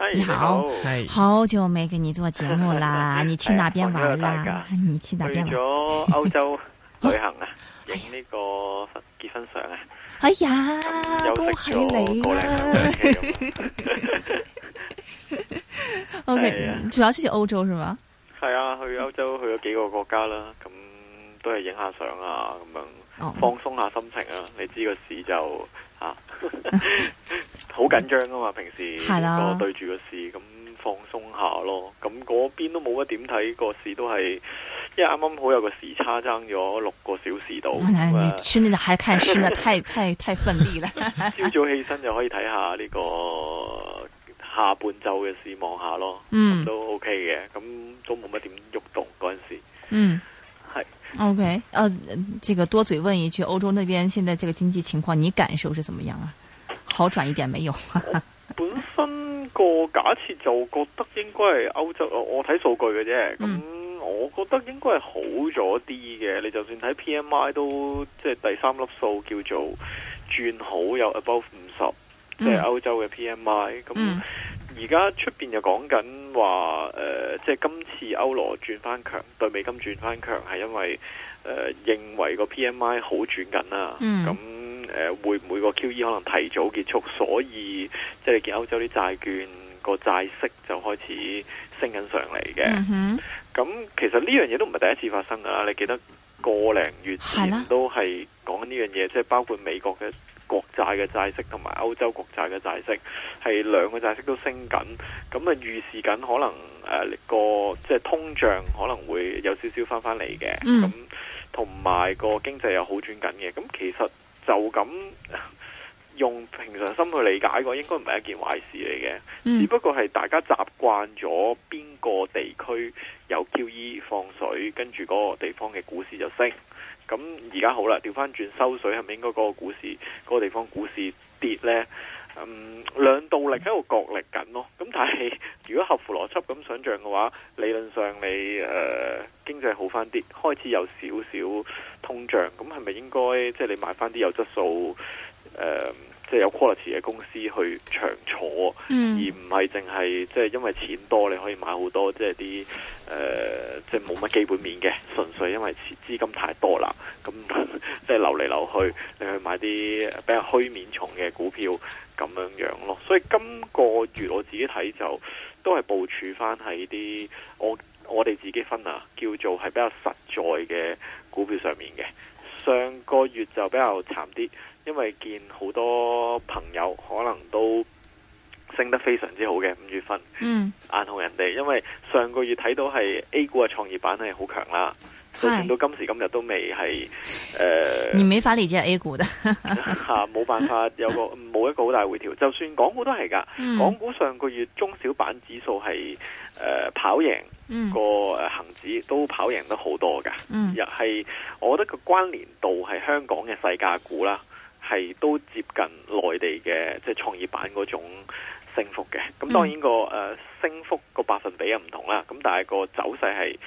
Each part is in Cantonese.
Hey, 你好，你好，hey. 好久沒給你做節目啦！ 你去哪邊玩啦？你去哪邊去咗歐洲旅行啊？影 呢個婚結婚相啊？ 哎呀，恭喜你啦！O K，主要是去歐洲 是嗎？係啊，去歐洲去咗幾個國家啦，咁都係影下相啊，咁、啊、樣放鬆下心情啊，oh. 你知個事就。啊，好緊張啊嘛！平時如果對個對住個市咁放鬆下咯。咁嗰邊都冇乜點睇個市都係，因為啱啱好有個時差爭咗六個小時度。 所以 你你日還看市，太 太太奮力啦！ 朝早起身就可以睇下呢個下半晝嘅市望下咯，嗯，嗯，都 OK 嘅。咁都冇乜點喐動嗰陣、那個、時，嗯。O K，呃，這個多嘴問一句，歐洲那邊現在這個經濟情況，你感受是怎麼樣啊？好轉一點沒有？ 本身個假設就覺得應該係歐洲，我我睇數據嘅啫，咁、嗯、我覺得應該係好咗啲嘅。你就算睇 P M I 都即係第三粒數叫做轉好，有 above 五十、嗯，即係歐洲嘅 P M I 咁、嗯。而家出面又講緊話，即、呃、係、就是、今次歐羅轉翻強對美金轉翻強，係因為、呃、認為個 PMI 好轉緊啦、啊。咁、嗯呃、會唔會個 QE 可能提早結束？所以即係、就是、你見歐洲啲債券個債息就開始升緊上嚟嘅。咁、嗯、其實呢樣嘢都唔係第一次發生啊！你記得個零月前都係講緊呢樣嘢，即、就、係、是、包括美國嘅。國債嘅債息同埋歐洲國債嘅債息，係兩個債息都升緊，咁啊預示緊可能誒、呃那個即係通脹可能會有少少翻翻嚟嘅，咁同埋個經濟又好轉緊嘅，咁其實就咁用平常心去理解嘅，應該唔係一件壞事嚟嘅、嗯，只不過係大家習慣咗邊個地區有 QE 放水，跟住嗰個地方嘅股市就升。咁而家好啦，調翻轉收水，係咪應該嗰個股市嗰、嗰個地方股市跌呢？嗯，兩道力喺度角力緊咯。咁但係如果合乎邏輯咁想象嘅話，理論上你誒、呃、經濟好翻啲，開始有少少通脹咁係咪應該即係、即係、你買翻啲有質素誒？呃即係有 quality 嘅公司去長坐，嗯、而唔係淨係即係因為錢多你可以買好多即係啲誒即係冇乜基本面嘅，純粹因為資金太多啦，咁即係流嚟流去，你去買啲比較虛面重嘅股票咁樣樣咯。所以今個月我自己睇就都係部署翻喺啲我我哋自己分啊，叫做係比較實在嘅股票上面嘅。上個月就比較慘啲。因為見好多朋友可能都升得非常之好嘅五月份、嗯，眼紅人哋。因為上個月睇到係 A 股嘅創業板係好強啦，到今時今日都未係誒、呃。你沒法理解 A 股嘅，冇、 啊、辦法有個冇一個好大回調。就算港股都係噶、嗯，港股上個月中小板指數係誒跑贏個誒恒指都跑贏得好多㗎，又、嗯、係我覺得個關聯度係香港嘅細價股啦。係都接近內地嘅即係創業板嗰種升幅嘅，咁當然個誒升幅個百分比又唔同啦，咁但係個走勢係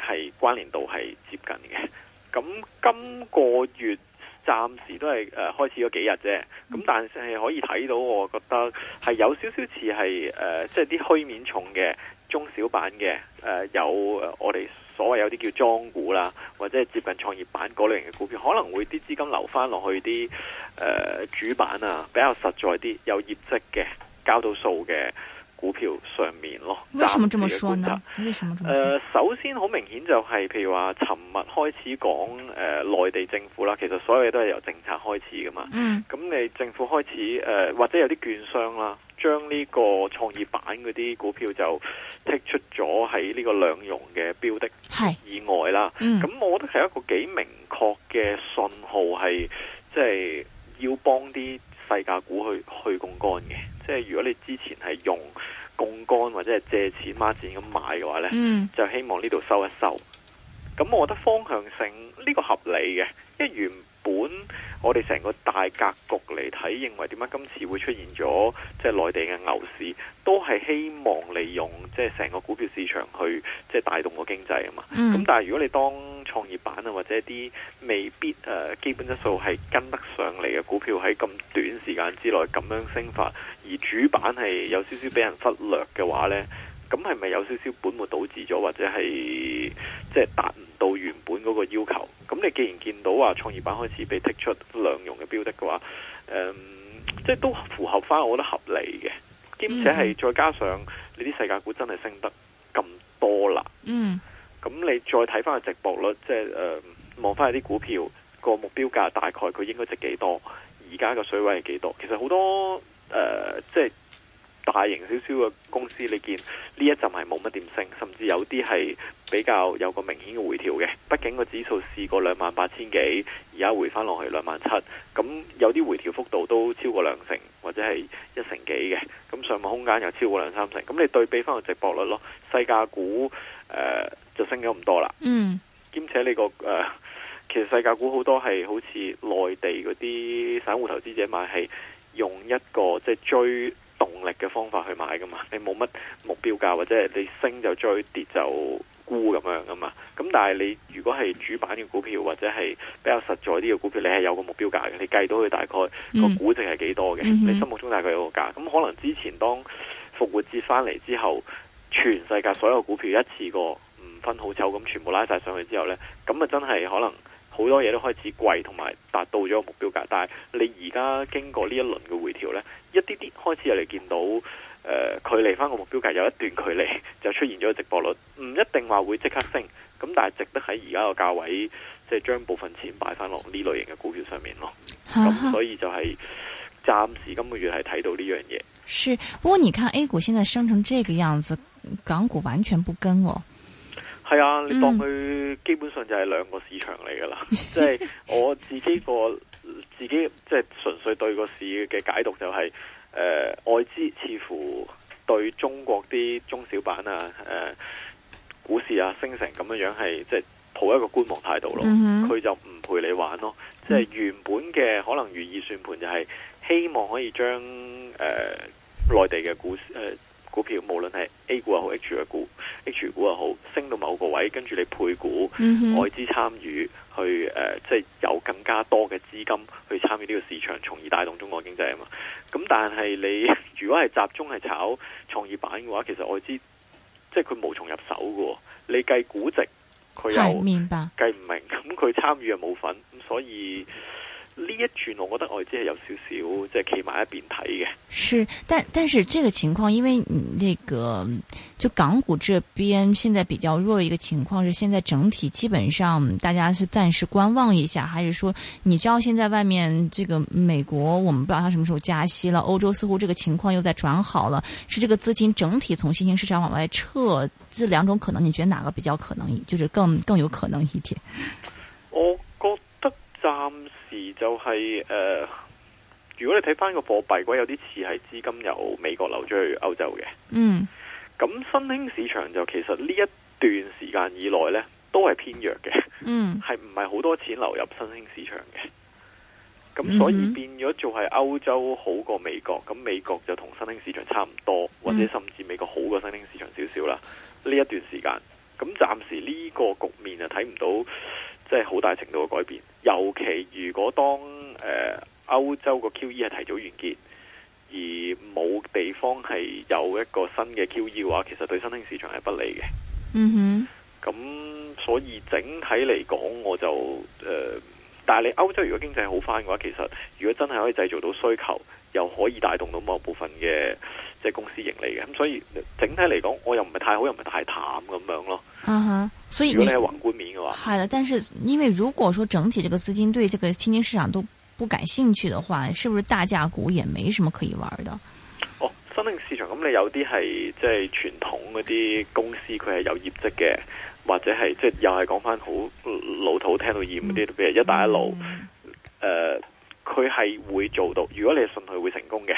誒係關聯度係接近嘅。咁今個月暫時都係誒、呃、開始咗幾日啫，咁但係可以睇到，我覺得係有少少似係誒，即係啲虛面重嘅中小板嘅誒有我哋。所謂有啲叫莊股啦，或者係接近創業板嗰類型嘅股票，可能會啲資金留翻落去啲誒、呃、主板啊，比較實在啲有業績嘅交到數嘅股票上面咯，觀察，為什麼這麼說呢？為什麼，這麼說？誒、呃，首先好明顯就係、是，譬如話尋日開始講誒、呃，內地政府啦，其實所有嘢都係由政策開始噶嘛。嗯。咁你政府開始誒、呃，或者有啲券商啦，將呢個創業板嗰啲股票就剔出咗喺呢個兩融嘅標的係以外啦。嗯。咁我覺得係一個幾明確嘅信號是，係即係要幫啲細價股去去槓桿嘅。即係如果你之前係用槓桿或者係借錢孖展咁買嘅話呢、嗯，就希望呢度收一收。咁我覺得方向性呢、呢個合理嘅，因為原。本我哋成個大格局嚟睇，認為點解今次會出現咗即係內地嘅牛市，都係希望利用即係成個股票市場去即係帶動個經濟啊嘛。咁、mm -hmm. 但係如果你當創業板啊或者一啲未必誒、呃、基本質素係跟得上嚟嘅股票喺咁短時間之內咁樣升發，而主板係有少少俾人忽略嘅話咧。咁係咪有少少本末倒置咗，或者係即係達唔到原本嗰個要求？咁你既然見到話創業板開始被剔出兩融嘅標的嘅話，即、嗯、係、就是、都符合翻，我覺得合理嘅。兼且係再加上你啲世界股真係升得咁多啦。嗯，咁你再睇翻個值博率，即係誒望翻啲股票個目標價大概佢應該值幾多，而家個水位係幾多？其實好多誒，即係。呃就是大型少少嘅公司，你見呢一陣係冇乜點升，甚至有啲係比較有個明顯嘅回調嘅。畢竟個指數試過兩萬八千幾，而家回翻落去兩萬七，咁有啲回調幅度都超過兩成，或者係一成幾嘅。咁上落空間又超過兩三成，咁你對比翻個值博率咯，細價股誒、呃、就升咗唔多啦。嗯，兼且你個誒、呃，其實細價股多好多係好似內地嗰啲散戶投資者買，係用一個即係、就是、追。動力嘅方法去買噶嘛，你冇乜目標價，或者你升就追，跌就沽咁樣噶嘛。咁但係你如果係主板嘅股票或者係比較實在啲嘅股票，你係有個目標價嘅，你計到佢大概，嗯，那個估值係幾多嘅，嗯，你心目中大概有個價。咁可能之前當復活節翻嚟之後，全世界所有股票一次過唔分好醜咁，全部拉曬上去之後呢，咁啊真係可能。好多嘢都開始貴，同埋達到咗個目標價。但係你而家經過呢一輪嘅回調，呢一啲啲開始有嚟見到，誒、呃，距離翻個目標價有一段距離，就出現咗個值博率，唔一定話會即刻升。咁但係值得喺而家個價位，即係將部分錢擺翻落呢類型嘅股票上面咯。咁所以就係暫時今個月係睇到呢樣嘢。是，不過你看 A 股現在升成這個樣子，港股完全不跟哦。係啊，你當佢基本上就係兩個市場嚟噶啦，即 係我自己個自己即係純粹對個市嘅解讀就係、是，誒、呃、外資似乎對中國啲中小板啊，誒、啊、股市啊升成咁樣樣係，即、就、係、是、抱一個觀望態度咯，佢 就唔陪你玩咯，即、就、係、是、原本嘅可能如意算盤就係希望可以將誒、呃、內地嘅股市誒。呃股票無論係 A 股又好 H 嘅股，H 股又好，升到某個位，跟住你配股，嗯、外資參與去誒，即、呃、係、就是、有更加多嘅資金去參與呢個市場，從而帶動中國的經濟啊嘛。咁、嗯、但係你如果係集中係炒創業板嘅話，其實外資即係佢無從入手嘅。你計估值，佢又計唔明白，咁佢參與又冇份，咁、嗯、所以。呢一轉，我覺得我哋只係有少少，即係企埋一邊睇嘅。是，但但是這個情況，因為那個就港股這邊，現在比較弱的一個情況，是現在整體基本上大家是暫時觀望一下，還是說你知道現在外面這個美國，我們不知道他什麼時候加息了，歐洲似乎這個情況又在轉好了，是這個資金整體從新興市場往外撤，這兩種可能，你覺得哪個比較可能，就是更更有可能一點？我覺得暫。就係、是、誒、呃，如果你睇翻個貨幣有啲似係資金由美國流出去歐洲嘅。嗯，咁新興市場就其實呢一段時間以內呢，都係偏弱嘅。嗯，係唔係好多錢流入新興市場嘅？咁所以變咗做係歐洲好過美國，咁美國就同新興市場差唔多，或者甚至美國好過新興市場少少啦。呢、嗯、一段時間，咁暫時呢個局面啊，睇唔到即係好大程度嘅改變。尤其如果當、呃、歐洲個 QE 係提早完結，而冇地方係有一個新嘅 QE 嘅話，其實對新興市場係不利嘅。嗯哼，咁所以整體嚟講，我就、呃、但係你歐洲如果經濟好翻嘅話，其實如果真係可以製造到需求。又可以帶動到某部分嘅即係公司盈利嘅，咁所以整體嚟講，我又唔係太好，又唔係太淡咁樣咯。Uh-huh. 所以你係宏觀面嘅話，係啦。但是因為如果說整體這個資金對這個新興市場都不感興趣嘅話，是不是大價股也沒什麼可以玩嘅？哦，新興市場咁，你有啲係即係傳統嗰啲公司，佢係有業績嘅，或者係即係又係講翻好老土，聽到厭嗰啲，譬、嗯、如一帶一路，誒、呃。佢係會做到，如果你係信佢會成功嘅，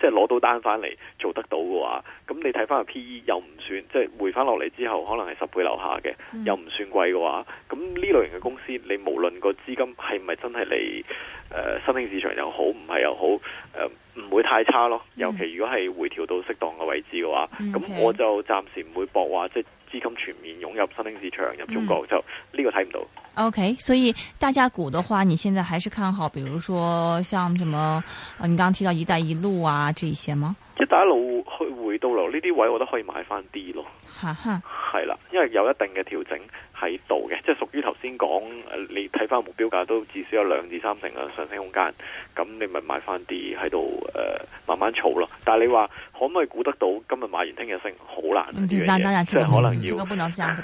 即係攞到單翻嚟做得到嘅話，咁你睇翻個 P E 又唔算，即、就、係、係、回翻落嚟之後可能係十倍樓下嘅，mm -hmm. 又唔算貴嘅話，咁呢類型嘅公司，你無論個資金係咪真係嚟誒新興市場又好，唔係又好，誒、呃、唔會太差咯。Mm -hmm. 尤其如果係回調到適當嘅位置嘅話，咁我就暫時唔會博話即係。就是資金全面湧入新興市場，入中國、嗯、就呢個睇唔到。Okay，所以大家股的話，你現在還是看好，比如說像什麼，呃你剛剛提到一帶一路啊，這一些嗎？一打一路去回到嚟呢啲位，我覺得可以買翻啲咯。係 啦，因為有一定嘅調整喺度嘅，即係屬於頭先講，你睇翻目標價都至少有兩至三成嘅上升空間。咁你咪買翻啲喺度，誒、呃，慢慢儲咯。但係你話可唔可以估得到今日買完聽日升？好難、啊。唔知，當然當然，出嚟可能要。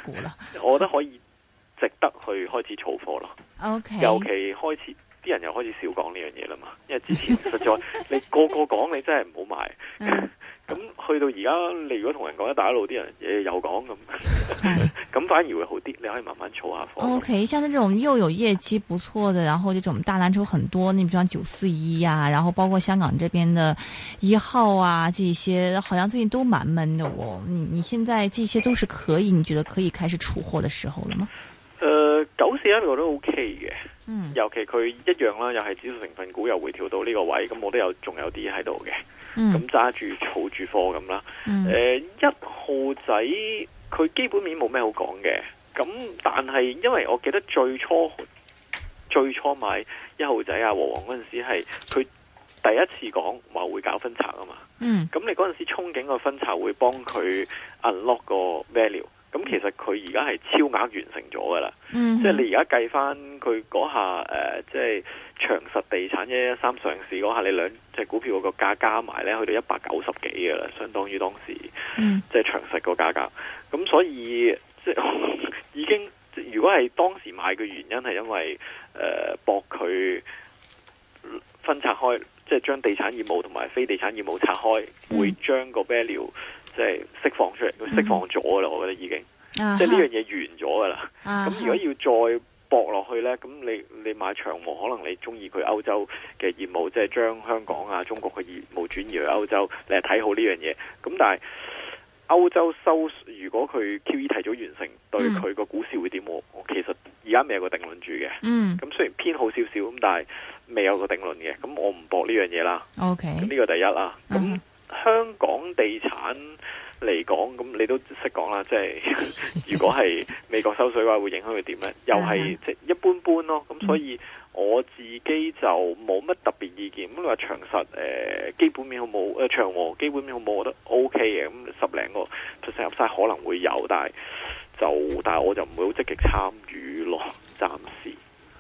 估啦。我覺得可以值得去開始儲貨咯。O K，尤其開始。啲人又開始少講呢樣嘢啦嘛，因為之前實在 你個個講你真係唔好買，咁、嗯嗯、去到而家你如果同人講一大路啲人又有講咁，咁、嗯嗯嗯、反而會好啲，你可以慢慢儲下貨。O、okay, K，像呢種又有業績不錯嘅，然後呢種大藍籌很多，你比如九四一啊，然後包括香港這邊嘅一號啊，這些好像最近都蠻悶的，我、哦，你你現在這些都是可以，你覺得可以開始出貨的時候了嗎？誒、呃，九四一我都 O K 嘅。尤其佢一樣啦，又係指數成分股又回調到呢個位，咁我都有仲有啲喺度嘅，咁揸住儲住貨咁啦。誒、嗯呃，一號仔佢基本面冇咩好講嘅，咁但係因為我記得最初最初買一號仔啊和黃嗰陣時係佢第一次講話會搞分拆啊嘛，咁、嗯、你嗰陣時憧憬個分拆會幫佢 unlock 個 value。咁、嗯嗯、其實佢而家係超額完成咗噶啦，即、嗯、係、就是、你而家計翻佢嗰下誒，即係長實地產一一三上市嗰下，你兩隻股票個價加埋咧，去到一百九十幾噶啦，相當於當時即係長實個價格。咁、嗯、所以即係、就是、已經，如果係當時買嘅原因係因為誒博佢分拆開，即、就、係、是、將地產業務同埋非地產業務拆開，嗯、會將個 value。即係釋放出嚟，釋放咗啦，我覺得已經、嗯，即係呢樣嘢完咗噶啦。咁、啊、如果要再搏落去呢，咁、啊、你你買長毛，可能你中意佢歐洲嘅業務，即係將香港啊、中國嘅業務轉移去歐洲，你係睇好呢樣嘢。咁但係歐洲收，如果佢 QE 提早完成，對佢個股市會點？我、嗯、我其實而家未有個定論住嘅。嗯，咁雖然偏好少少，咁但係未有個定論嘅。咁我唔搏呢樣嘢啦。OK。咁呢個第一啦。咁、嗯。香港地產嚟講，咁你都識講啦。即、就、係、是、如果係美國收水嘅話，會影響佢點呢？又係即一般般咯。咁所以我自己就冇乜特別意見。咁你話長實誒、呃、基本面好冇？誒長和基本面好冇？我覺得 O K 嘅。咁十零個 percent 入晒可能會有，但係就但係我就唔會好積極參與咯。暫時。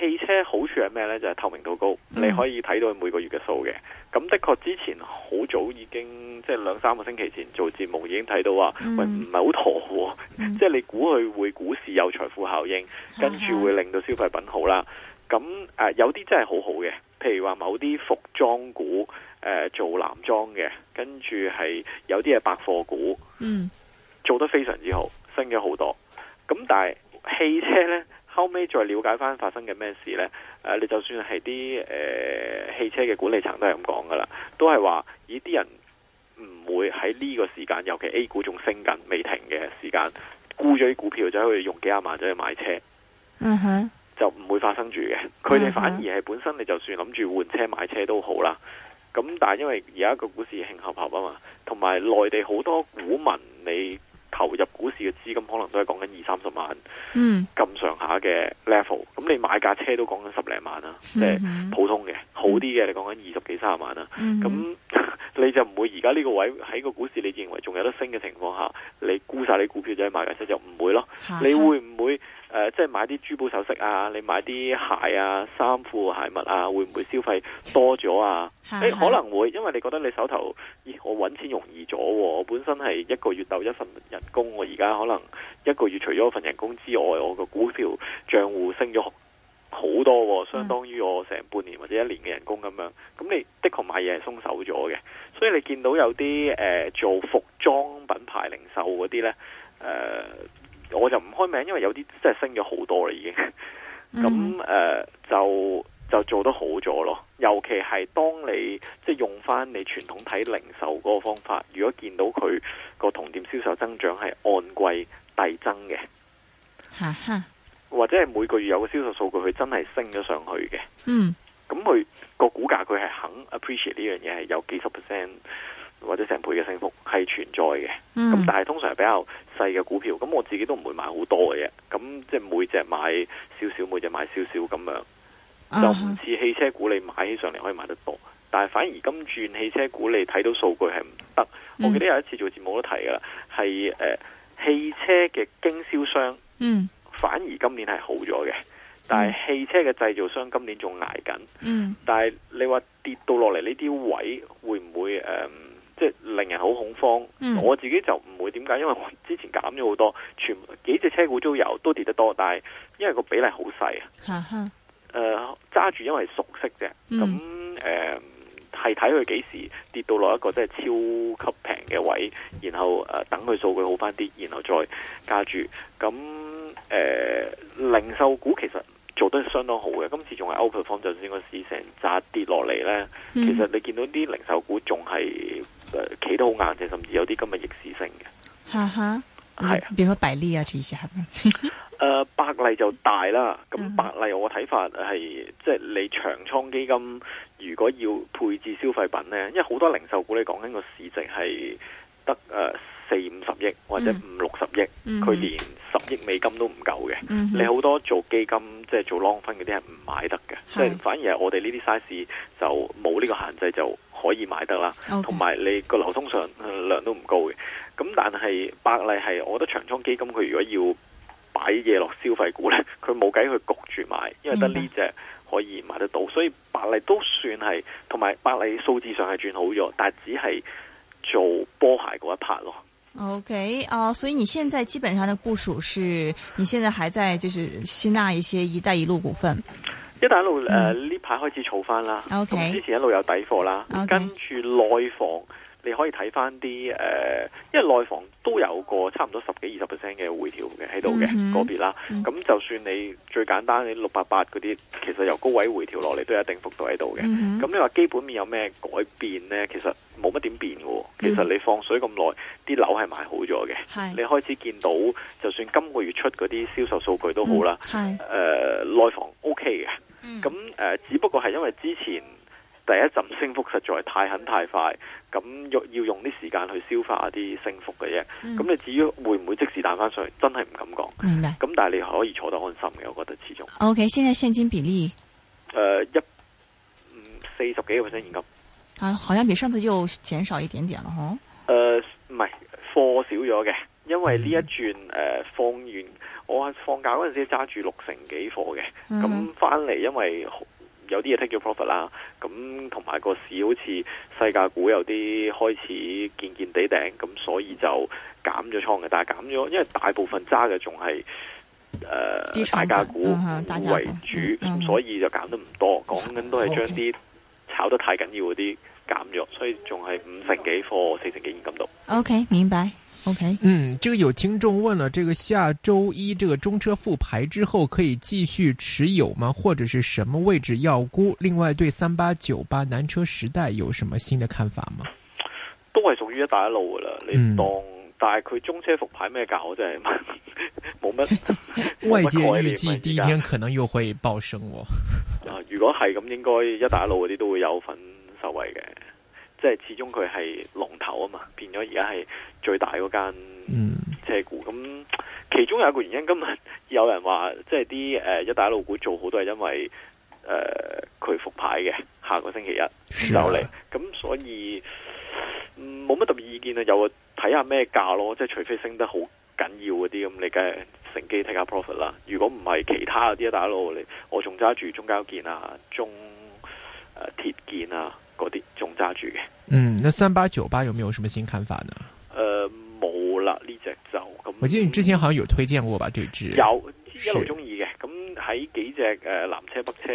汽車好處係咩呢？就係、是、透明度高，嗯、你可以睇到佢每個月嘅數嘅。咁的確之前好早已經，即係兩三個星期前做節目已經睇到話，喂，唔係好妥。即係你估佢會股市有財富效應，嗯、跟住會令到消費品好啦。咁、嗯、誒、呃，有啲真係好好嘅，譬如話某啲服裝股，誒、呃、做男裝嘅，跟住係有啲係百貨股，嗯，做得非常之好，升咗好多。咁但係汽車呢。後尾再了解翻發生嘅咩事呢？誒、啊，你就算係啲誒汽車嘅管理層都係咁講噶啦，都係話以啲人唔會喺呢個時間，尤其 A 股仲升緊、未停嘅時間沽咗啲股票，就可以用幾廿萬走去買車。Mm-hmm. 就唔會發生住嘅。佢哋反而係本身，你就算諗住換車買車都好啦。咁但係因為而家個股市興合合啊嘛，同埋內地好多股民你。投入股市嘅資金可能都係講緊二三十萬，咁上下嘅 level。咁你買架車都講緊十零萬啦，嗯，即係普通嘅，好啲嘅、嗯、你講緊二十幾三十萬啦。咁、嗯、你就唔會而家呢個位喺個股市，你認為仲有得升嘅情況下，你沽晒你股票就係買架車就唔會咯。你會唔會？誒、呃，即係買啲珠寶首飾啊，你買啲鞋啊、衫褲鞋襪啊，會唔會消費多咗啊、欸？可能會，因為你覺得你手頭，咦、欸，我揾錢容易咗喎、啊，我本身係一個月鬥一份人工、啊，我而家可能一個月除咗份人工之外，我個股票賬戶升咗好多、啊，相當於我成半年或者一年嘅人工咁樣。咁你的確買嘢係鬆手咗嘅，所以你見到有啲誒、呃、做服裝品牌零售嗰啲呢。誒、呃。我就唔開名，因為有啲真係升咗好多啦，已經。咁誒、嗯呃，就就做得好咗咯。尤其係當你即係、就是、用翻你傳統睇零售嗰個方法，如果見到佢個同店銷售增長係按季遞增嘅，或者係每個月有個銷售數據，佢真係升咗上去嘅。嗯，咁佢個股價佢係肯 appreciate 呢樣嘢，係有幾十 percent。或者成倍嘅升幅係存在嘅，咁、嗯、但係通常係比較細嘅股票，咁我自己都唔會買好多嘅啫。咁即係每隻買少少，每隻買少少咁樣，就唔似汽車股你買起上嚟可以買得多。但係反而今轉汽車股你睇到數據係唔得。我記得有一次做節目都提㗎啦，係、嗯、誒、呃、汽車嘅經銷商、嗯，反而今年係好咗嘅、嗯，但係汽車嘅製造商今年仲挨緊。但係你話跌到落嚟呢啲位置會不會，會唔會誒？即係令人好恐慌，嗯，我自己就唔會點解，因為我之前減咗好多，全幾隻車股都有都跌得多，但係因為個比例好細啊，誒揸住因為熟悉啫，咁誒係睇佢幾時跌到落一個真係超級平嘅位，然後誒、呃、等佢數據好翻啲，然後再加住，咁誒、呃、零售股其實做得相當好嘅，今次仲係 outperform，就算個市成扎跌落嚟，咧，其實你見到啲零售股仲係企、呃、得好硬淨，甚至有啲今日逆市性嘅，哈哈，係，比如話百利啊，全實吓，誒，百麗就大啦，咁百麗我睇法係、嗯，即係你長倉基金如果要配置消費品咧，因為好多零售股你講緊個市值係得誒四五十億或者五六十億，佢、嗯、連十億美金都唔夠嘅，你好多做基金即係做 long 分嗰啲係唔買得嘅，即係反而係我哋呢啲 size 就冇呢個限制就。可以買得啦，同、okay. 埋你個流通上量都唔高嘅，咁但係百麗係，我覺得長倉基金佢如果要擺嘢落消費股咧，佢冇計去焗住買，因為得呢隻隻，可以買得到，okay. 所以百麗都算係，同埋百麗數字上係轉好咗，但係只係做波鞋嗰一拍 a 咯。OK 啊、uh,，所以你現在基本上的部署是，你現在還在就是吸納一些一帶一路股份。一帶一路，誒呢排開始儲翻啦，okay, 之前一路有底貨啦，跟、okay, 住內房你可以睇翻啲誒，因為內房都有個差唔多十幾二十 percent 嘅回調嘅喺度嘅個別啦。咁、嗯、就算你最簡單你六八八嗰啲，其實由高位回調落嚟都有一定幅度喺度嘅。咁、嗯、你話基本面有咩改變呢？其實冇乜點變喎、嗯。其實你放水咁耐，啲樓係買好咗嘅。你開始見到，就算今個月出嗰啲銷售數據都好啦。誒、嗯呃、內房 OK 嘅。咁誒、呃，只不過係因為之前第一陣升幅，實在太狠太快，咁要要用啲時間去消化一啲升幅嘅啫。咁、嗯、你至於會唔會即時彈翻上去，真係唔敢講。明白。咁但係你可以坐得安心嘅，我覺得始終。O、okay, K. 現在現金比例誒、呃、一四十幾 percent 現金。啊，好像比上次又減少一點點啦，誒、呃，唔係貨少咗嘅，因為呢一轉誒放完。嗯呃放遠我放假嗰陣時揸住六成幾貨嘅，咁翻嚟因為有啲嘢 take 咗 profit 啦，咁同埋個市好似細價股有啲開始見見地頂，咁所以就減咗倉嘅，但係減咗，因為大部分揸嘅仲係誒大價股，uh, uh, 股為主，uh, uh, 所以就減得唔多，講緊都係將啲炒得太緊要嗰啲減咗，okay。所以仲係五成幾貨，四成幾現金到。OK，明白。OK，嗯，這個有聽眾問了，這個下周一這個中車復牌之後可以繼續持有嗎？或者是什麼位置要沽？另外對三八九八南車時代有什麼新的看法嗎？都係屬於一帶一路噶啦，你當，嗯、但係佢中車復牌咩價我真係問，冇乜、 啊、 外界預計第一天可能又會暴升喎。如果係咁，應該一帶一路嗰啲都會有份受惠嘅。即係始終佢係龍頭啊嘛，變咗而家係最大嗰間車股。咁、嗯、其中有一個原因，今日有人話，即係啲誒一帶一路股做好都係因為誒佢、呃、復牌嘅下個星期一有嚟。咁、啊、所以冇乜、嗯、特別意見啊，有睇下咩價咯。即係除非升得好緊要嗰啲咁，你梗係乘機睇下 profit 啦。如果唔係其他嗰啲一帶一路嚟，我仲揸住中交建啊、中誒、呃、鐵建啊。嗰啲仲揸住嘅，嗯，那三八九八有冇有什麼新看法呢？誒、呃，冇啦，呢隻就咁、嗯。我記得你之前好像有推薦過吧？這支有一路中意嘅，咁喺幾隻誒南車北車、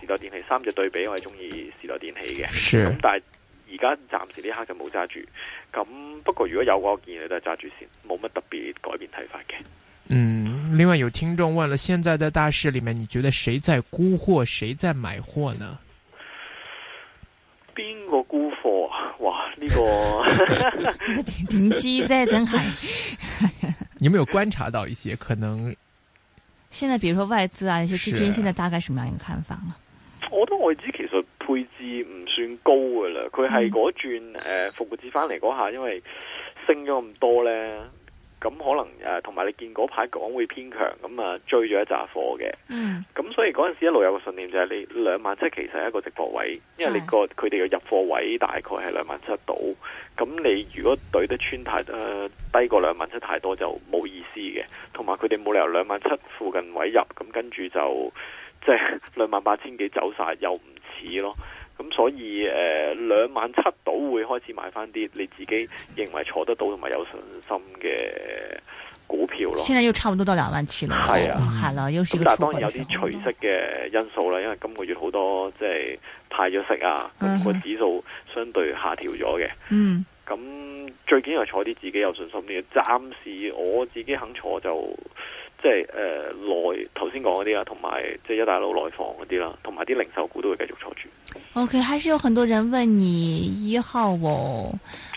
時代電器三隻對比，我係中意時代電器嘅，咁、嗯、但係而家暫時呢一刻就冇揸住，咁不過如果有我建議你都係揸住先，冇乜特別改變睇法嘅。嗯，另外有聽眾問啦，現在在大市裏面，你覺得誰在沽貨，誰在買貨呢？多點知啫，真係，你有冇有觀察到一些可能 ？現在，比如說外資啊，一些資金，現在大概什麼樣一個看法啊？我覺得外資其實配置唔算高噶啦，佢係嗰轉誒，復活節翻嚟嗰下，因為升咗咁多咧。咁可能誒，同埋你見嗰排港會偏強，咁啊追咗一扎貨嘅。嗯。咁所以嗰陣時一路有個信念就係你兩萬七其實係一個直播位，因為你個佢哋嘅入貨位大概係兩萬七度。咁你如果對得穿太誒、呃、低過兩萬七太多就冇意思嘅，同埋佢哋冇理由兩萬七附近位入，咁跟住就即係兩萬八千幾走晒，又唔似咯。咁、嗯、所以誒兩萬七到會開始買翻啲你自己認為坐得到同埋有信心嘅股票咯。現在又差不多到兩萬七啦，係、嗯、啊，啦、嗯，又是一個突破嘅時候。但當然有啲除息嘅因素啦，因為今個月好多即係派咗息啊，個指數相對下調咗嘅。嗯，咁、嗯嗯嗯、最緊要係坐啲自己有信心嘅，暫時我自己肯坐就。即係誒內頭先講嗰啲啊、同、呃、埋即係一大佬內房嗰啲啦，同埋啲零售股都會繼續坐住。OK，還是有很多人問你一號、哦、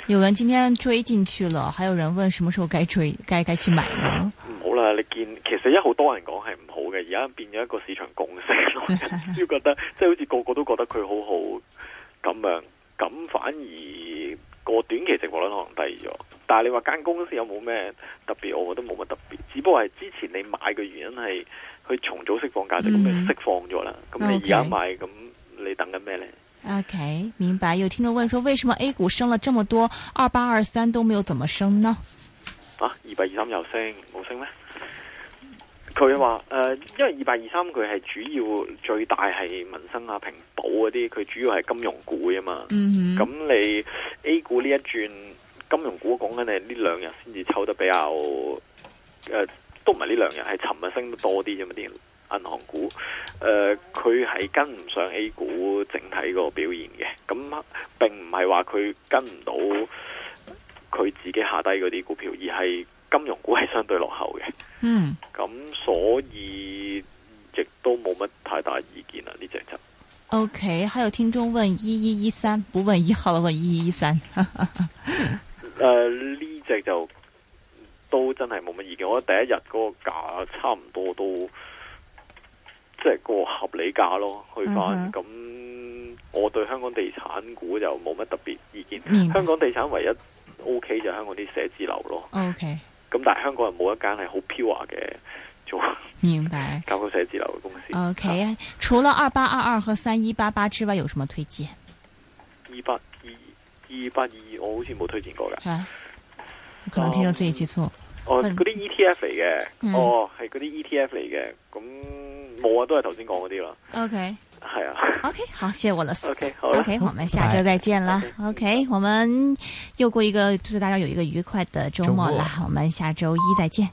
有人今天追進去了，還有人問什麼時候該追，該該去買呢？唔好啦，你見其實一號多人講係唔好嘅，而家變咗一個市場共識咯，都 覺得即係好似個個都覺得佢好好咁樣，咁反而個短期值冇可能低咗。但係你話間公司有冇咩特別？我覺得冇乜特別，只不過係之前你買嘅原因係佢重組釋放價值，咁、嗯、你釋放咗啦。咁你而家買，咁、okay. 你等緊咩咧？OK，明白。有聽眾問說，為什麼 A 股升了這麼多，二八二三都沒有怎麼升呢？啊，二八二三又升冇升咩？佢話誒，因為二八二三佢係主要最大係民生啊、平保嗰啲，佢主要係金融股啊嘛。咁、嗯、你 A 股呢一轉？金融股講緊係呢兩日先至抽得比較，誒、呃，都唔係呢兩日，係尋日升得多啲啫嘛啲銀行股，誒、呃，佢係跟唔上 A 股整體個表現嘅，咁並唔係話佢跟唔到佢自己下低嗰啲股票，而係金融股係相對落後嘅，嗯，咁所以亦都冇乜太大意見啦呢隻嘅。嗯、o、okay, K，還有聽眾問一一一三，不問一號啦，問一一一三。 嗯誒、呃，呢、這、隻、個、就都真係冇乜意見。我覺得第一日嗰個價差唔多都即係個合理價咯，去翻。咁、嗯、我對香港地產股就冇乜特別意見。香港地產唯一 OK 就香港啲寫字樓咯。OK。咁但係香港人冇一間係好 pure 嘅做。明白。搞嗰寫字樓嘅公司。OK。除了二八二二和三一八八之外，有什麼推薦？二八。二八二二，我好似冇推薦過嘅，可能聽到自己、哦、記錯、嗯。哦，嗰啲 ETF 嚟嘅、嗯，哦係嗰啲 ETF 嚟嘅，咁冇、okay. 啊，都係頭先講嗰啲啦。OK，係啊，OK，好，謝謝我老師。OK，OK，、okay, 好了 okay,、嗯、我們下周再見啦。Okay, OK，我們又過一個祝大家有一個愉快的周末啦。我們下周一再見。